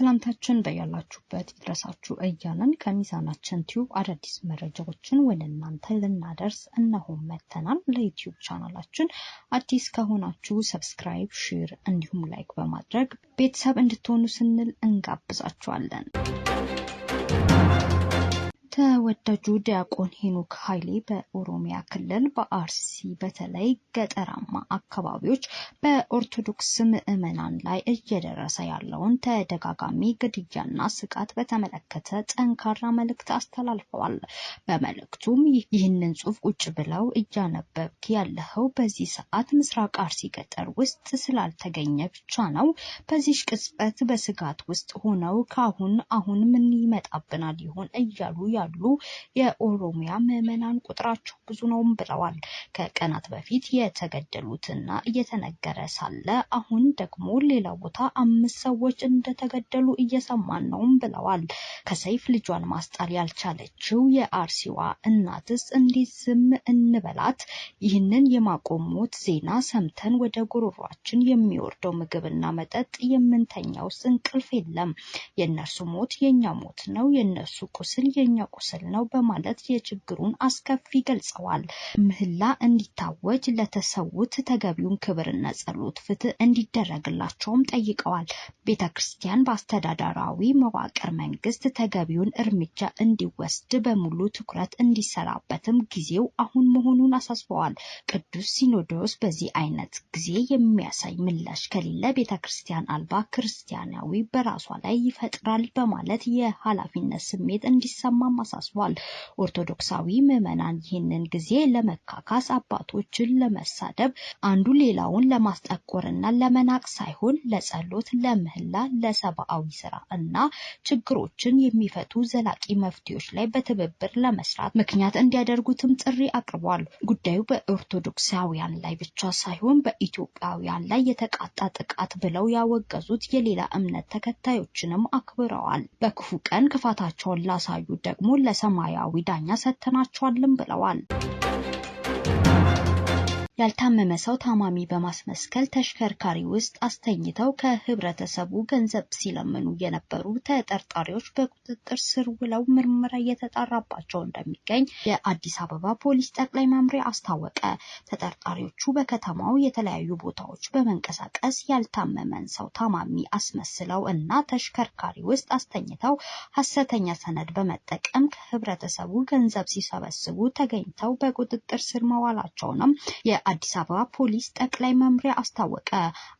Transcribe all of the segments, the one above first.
ሰላምታችን በያላችሁበት ይድረሳችሁ እያለን ከሚዛናችን ቲዩብ አዳዲስ መረጃዎችን ወደ እናንተ ልናደርስ እነሆ መተናል። ለዩቲዩብ ቻናላችን አዲስ ከሆናችሁ ሰብስክራይብ፣ ሼር እንዲሁም ላይክ በማድረግ ቤተሰብ እንድትሆኑ ስንል እንጋብዛችኋለን። ተወዳጁ ዲያቆን ሄኖክ ኃይሌ በኦሮሚያ ክልል በአርሲ በተለይ ገጠራማ አካባቢዎች በኦርቶዶክስ ምዕመናን ላይ እየደረሰ ያለውን ተደጋጋሚ ግድያና ስቃት በተመለከተ ጠንካራ መልእክት አስተላልፈዋል። በመልእክቱም ይህንን ጽሑፍ ቁጭ ብለው እያነበብክ ያለኸው በዚህ ሰዓት ምስራቅ አርሲ ገጠር ውስጥ ስላልተገኘ ብቻ ነው። በዚህ ቅጽበት በስጋት ውስጥ ሆነው ካሁን አሁን ምን ይመጣብናል ይሆን እያሉ ያሉ የኦሮሚያ ምዕመናን ቁጥራቸው ብዙ ነውም ብለዋል። ከቀናት በፊት የተገደሉትና እየተነገረ ሳለ አሁን ደግሞ ሌላ ቦታ አምስት ሰዎች እንደተገደሉ እየሰማን ነውም ብለዋል። ከሰይፍ ልጇን ማስጣል ያልቻለችው የአርሲዋ እናትስ እንዴት ዝም እንበላት? ይህንን የማቆም ሞት ዜና ሰምተን ወደ ጉሮሯችን የሚወርደው ምግብና መጠጥ የምንተኛውስ እንቅልፍ የለም። የእነርሱ ሞት የእኛ ሞት ነው፣ የእነሱ ቁስል የእኛ ቁስል ነው በማለት የችግሩን አስከፊ ገልጸዋል። ምህላ እንዲታወጅ ለተሰዉት ተገቢውን ክብርና ጸሎት ፍትህ እንዲደረግላቸውም ጠይቀዋል። ቤተ ክርስቲያን በአስተዳደራዊ መዋቅር መንግስት ተገቢውን እርምጃ እንዲወስድ በሙሉ ትኩረት እንዲሰራበትም ጊዜው አሁን መሆኑን አሳስበዋል። ቅዱስ ሲኖዶስ በዚህ አይነት ጊዜ የሚያሳይ ምላሽ ከሌለ ቤተ ክርስቲያን አልባ ክርስቲያናዊ በራሷ ላይ ይፈጥራል በማለት የኃላፊነት ስሜት እንዲሰማም አሳስቧል። ኦርቶዶክሳዊ ምዕመናን ይህንን ጊዜ ለመካካስ፣ አባቶችን ለመሳደብ፣ አንዱ ሌላውን ለማስጠቆርና ለመናቅ ሳይሆን ለጸሎት፣ ለምህላ፣ ለሰብአዊ ስራ እና ችግሮችን የሚፈቱ ዘላቂ መፍትሄዎች ላይ በትብብር ለመስራት ምክንያት እንዲያደርጉትም ጥሪ አቅርቧል። ጉዳዩ በኦርቶዶክሳውያን ላይ ብቻ ሳይሆን በኢትዮጵያውያን ላይ የተቃጣ ጥቃት ብለው ያወገዙት የሌላ እምነት ተከታዮችንም አክብረዋል። በክፉ ቀን ክፋታቸውን ላሳዩ ደግሞ ደግሞ ለሰማያዊ ዳኛ ሰጥተናቸዋልም ብለዋል። ያልታመመ ሰው ታማሚ በማስመስከል ተሽከርካሪ ውስጥ አስተኝተው ከህብረተሰቡ ገንዘብ ሲለምኑ የነበሩ ተጠርጣሪዎች በቁጥጥር ስር ውለው ምርመራ እየተጣራባቸው እንደሚገኝ የአዲስ አበባ ፖሊስ ጠቅላይ መምሪያ አስታወቀ። ተጠርጣሪዎቹ በከተማው የተለያዩ ቦታዎች በመንቀሳቀስ ያልታመመን ሰው ታማሚ አስመስለው እና ተሽከርካሪ ውስጥ አስተኝተው ሐሰተኛ ሰነድ በመጠቀም ከህብረተሰቡ ገንዘብ ሲሰበስቡ ተገኝተው በቁጥጥር ስር መዋላቸውንም የአዲስ አበባ ፖሊስ ጠቅላይ መምሪያ አስታወቀ።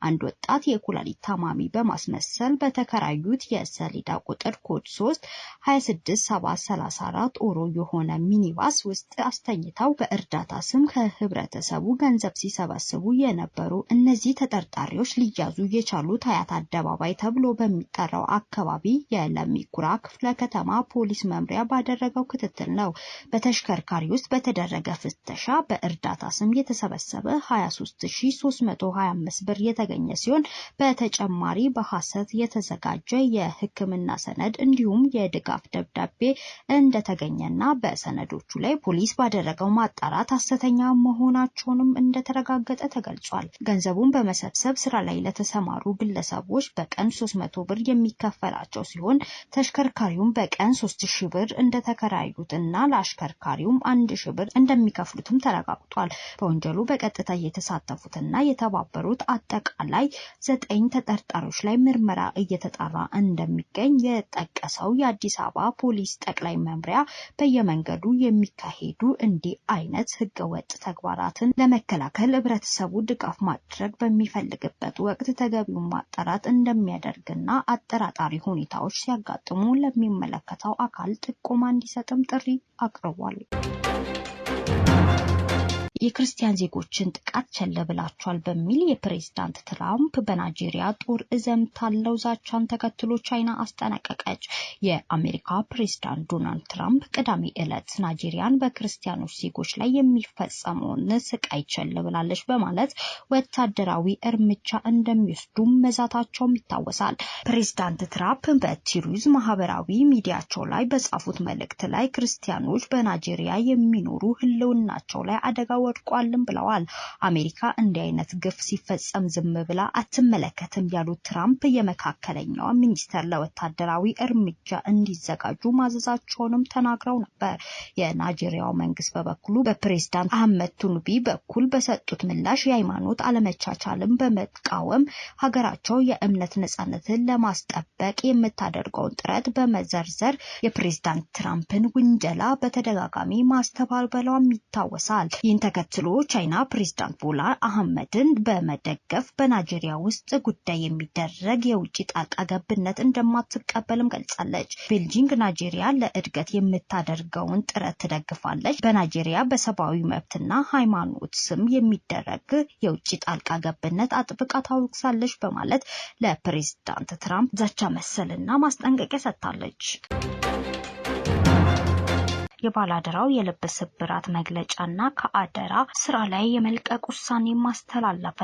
አንድ ወጣት የኩላሊት ታማሚ በማስመሰል በተከራዩት የሰሌዳ ቁጥር ኮድ 3 267334 ኦሮ የሆነ ሚኒባስ ውስጥ አስተኝተው በእርዳታ ስም ከህብረተሰቡ ገንዘብ ሲሰበስቡ የነበሩ እነዚህ ተጠርጣሪዎች ሊያዙ የቻሉት ሀያት አደባባይ ተብሎ በሚጠራው አካባቢ የለሚኩራ ክፍለ ከተማ ፖሊስ መምሪያ ባደረገው ክትትል ነው። በተሽከርካሪ ውስጥ በተደረገ ፍተሻ በእርዳታ ስም የተሰበ የተሰበሰበ 23325 ብር የተገኘ ሲሆን በተጨማሪ በሐሰት የተዘጋጀ የሕክምና ሰነድ እንዲሁም የድጋፍ ደብዳቤ እንደተገኘና በሰነዶቹ ላይ ፖሊስ ባደረገው ማጣራት ሐሰተኛ መሆናቸውንም እንደተረጋገጠ ተገልጿል። ገንዘቡን በመሰብሰብ ስራ ላይ ለተሰማሩ ግለሰቦች በቀን 300 ብር የሚከፈላቸው ሲሆን ተሽከርካሪውም በቀን 3000 ብር እና ለአሽከርካሪውም 1000 ብር እንደሚከፍሉትም ተረጋግጧል። በወንጀሉ በቀጥታ የተሳተፉትና የተባበሩት አጠቃላይ ዘጠኝ ተጠርጣሪዎች ላይ ምርመራ እየተጣራ እንደሚገኝ የጠቀሰው የአዲስ አበባ ፖሊስ ጠቅላይ መምሪያ በየመንገዱ የሚካሄዱ እንዲህ አይነት ህገወጥ ተግባራትን ለመከላከል ህብረተሰቡ ድጋፍ ማድረግ በሚፈልግበት ወቅት ተገቢውን ማጣራት እንደሚያደርግና አጠራጣሪ ሁኔታዎች ሲያጋጥሙ ለሚመለከተው አካል ጥቆማ እንዲሰጥም ጥሪ አቅርቧል። የክርስቲያን ዜጎችን ጥቃት ቸል ብላችኋል በሚል የፕሬዝዳንት ትራምፕ በናይጄሪያ ጦር እዘምታለሁ ዛቻን ተከትሎ ቻይና አስጠነቀቀች። የአሜሪካ ፕሬዝዳንት ዶናልድ ትራምፕ ቅዳሜ ዕለት ናይጄሪያን በክርስቲያኖች ዜጎች ላይ የሚፈጸመውን ስቃይ ቸል ብላለች በማለት ወታደራዊ እርምጃ እንደሚወስዱም መዛታቸውም ይታወሳል። ፕሬዝዳንት ትራምፕ በቲሩዝ ማህበራዊ ሚዲያቸው ላይ በጻፉት መልእክት ላይ ክርስቲያኖች በናይጄሪያ የሚኖሩ ህልውናቸው ላይ አደጋ ወድቋልም ብለዋል። አሜሪካ እንዲህ አይነት ግፍ ሲፈጸም ዝም ብላ አትመለከትም ያሉት ትራምፕ የመካከለኛው ሚኒስተር ለወታደራዊ እርምጃ እንዲዘጋጁ ማዘዛቸውንም ተናግረው ነበር። የናይጄሪያው መንግስት በበኩሉ በፕሬዝዳንት አህመድ ቱንቢ በኩል በሰጡት ምላሽ የሃይማኖት አለመቻቻልን በመቃወም ሀገራቸው የእምነት ነጻነትን ለማስጠበቅ የምታደርገውን ጥረት በመዘርዘር የፕሬዝዳንት ትራምፕን ውንጀላ በተደጋጋሚ ማስተባበሏም ይታወሳል። ይህን ተከትሎ ቻይና ፕሬዝዳንት ቦላ አህመድን በመደገፍ በናይጄሪያ ውስጥ ጉዳይ የሚደረግ የውጭ ጣልቃ ገብነት እንደማትቀበልም ገልጻለች። ቤልጂንግ ናይጄሪያ ለእድገት የምታደርገውን ጥረት ትደግፋለች። በናይጄሪያ በሰብአዊ መብትና ሃይማኖት ስም የሚደረግ የውጭ ጣልቃ ገብነት አጥብቃ ታወቅሳለች በማለት ለፕሬዚዳንት ትራምፕ ዛቻ መሰልና ማስጠንቀቂያ ሰጥታለች። የባላደራው የልብ ስብራት መግለጫና ከአደራ ስራ ላይ የመልቀቅ ውሳኔ ማስተላለፈ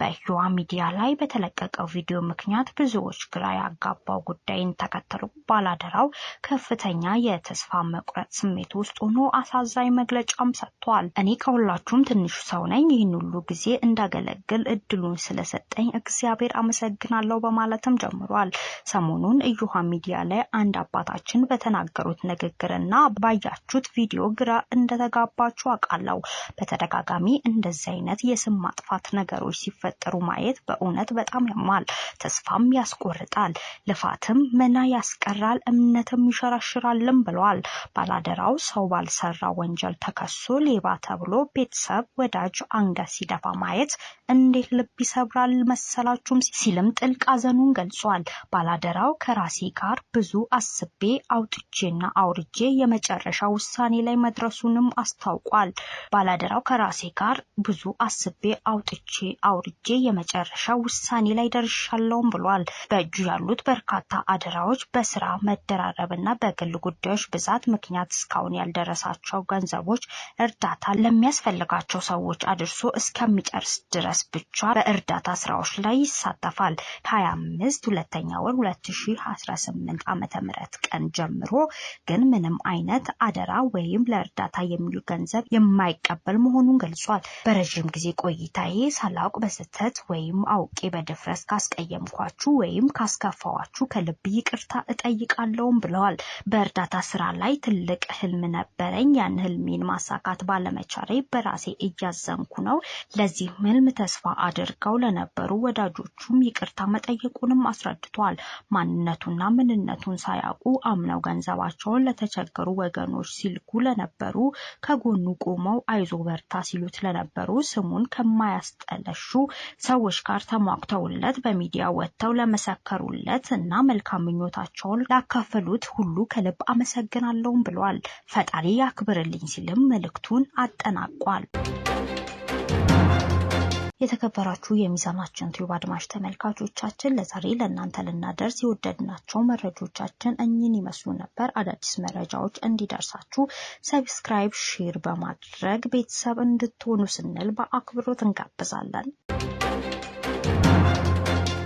በህዋ ሚዲያ ላይ በተለቀቀው ቪዲዮ ምክንያት ብዙዎች ግራ ያጋባው ጉዳይን ተከትሎ ባላደራው ከፍተኛ የተስፋ መቁረጥ ስሜት ውስጥ ሆኖ አሳዛኝ መግለጫም ሰጥቷል። እኔ ከሁላችሁም ትንሹ ሰው ነኝ። ይህን ሁሉ ጊዜ እንዳገለግል እድሉን ስለሰጠኝ እግዚአብሔር አመሰግናለሁ በማለትም ጀምሯል። ሰሞኑን እዩሃ ሚዲያ ላይ አንድ አባታችን በተናገሩት ንግግርና ባያ ባያችሁት ቪዲዮ ግራ እንደተጋባችሁ አውቃለሁ። በተደጋጋሚ እንደዚህ አይነት የስም ማጥፋት ነገሮች ሲፈጠሩ ማየት በእውነት በጣም ያማል፣ ተስፋም ያስቆርጣል፣ ልፋትም መና ያስቀራል፣ እምነትም ይሸራሽራልም ብለዋል። ባላደራው ሰው ባልሰራ ወንጀል ተከሶ ሌባ ተብሎ ቤተሰብ ወዳጅ አንገት ሲደፋ ማየት እንዴት ልብ ይሰብራል መሰላችሁም ሲልም ጥልቅ ሐዘኑን ገልጿል። ባላደራው ከራሴ ጋር ብዙ አስቤ አውጥቼና አውርጄ የመጨረሻ ውሳኔ ላይ መድረሱንም አስታውቋል። ባላደራው ከራሴ ጋር ብዙ አስቤ አውጥቼ አውርጄ የመጨረሻ ውሳኔ ላይ ደርሻለውም ብሏል። በእጁ ያሉት በርካታ አደራዎች በስራ መደራረብና በግል ጉዳዮች ብዛት ምክንያት እስካሁን ያልደረሳቸው ገንዘቦች እርዳታ ለሚያስፈልጋቸው ሰዎች አድርሶ እስከሚጨርስ ድረስ ብቻ በእርዳታ ስራዎች ላይ ይሳተፋል። ከ25 ሁለተኛ ወር 2018 ዓ.ም ቀን ጀምሮ ግን ምንም አይነት አደራ ወይም ለእርዳታ የሚውል ገንዘብ የማይቀበል መሆኑን ገልጿል። በረዥም ጊዜ ቆይታዬ ሳላውቅ በስህተት ወይም አውቄ በድፍረት ካስቀየምኳችሁ ወይም ካስከፋዋችሁ ከልብ ይቅርታ እጠይቃለሁም ብለዋል። በእርዳታ ስራ ላይ ትልቅ ህልም ነበረኝ። ያን ህልሜን ማሳካት ባለመቻሬ በራሴ እያዘንኩ ነው። ለዚህ ህልም ተስፋ አድርገው ለነበሩ ወዳጆቹም ይቅርታ መጠየቁንም አስረድቷል። ማንነቱና ምንነቱን ሳያውቁ አምነው ገንዘባቸውን ለተቸገሩ ወገኖች ሰዎች ሲልኩ ለነበሩ ከጎኑ ቆመው አይዞ በርታ ሲሉት ለነበሩ ስሙን ከማያስጠለሹ ሰዎች ጋር ተሟግተውለት በሚዲያ ወጥተው ለመሰከሩለት እና መልካም ምኞታቸውን ላካፈሉት ሁሉ ከልብ አመሰግናለሁም ብሏል። ፈጣሪ ያክብርልኝ ሲልም መልእክቱን አጠናቋል። የተከበራችሁ የሚዛናችን ቲዩብ አድማጭ ተመልካቾቻችን ለዛሬ ለእናንተ ልናደርስ የወደድናቸው መረጃዎቻችን እኝን ይመስሉ ነበር። አዳዲስ መረጃዎች እንዲደርሳችሁ ሰብስክራይብ፣ ሼር በማድረግ ቤተሰብ እንድትሆኑ ስንል በአክብሮት እንጋብዛለን።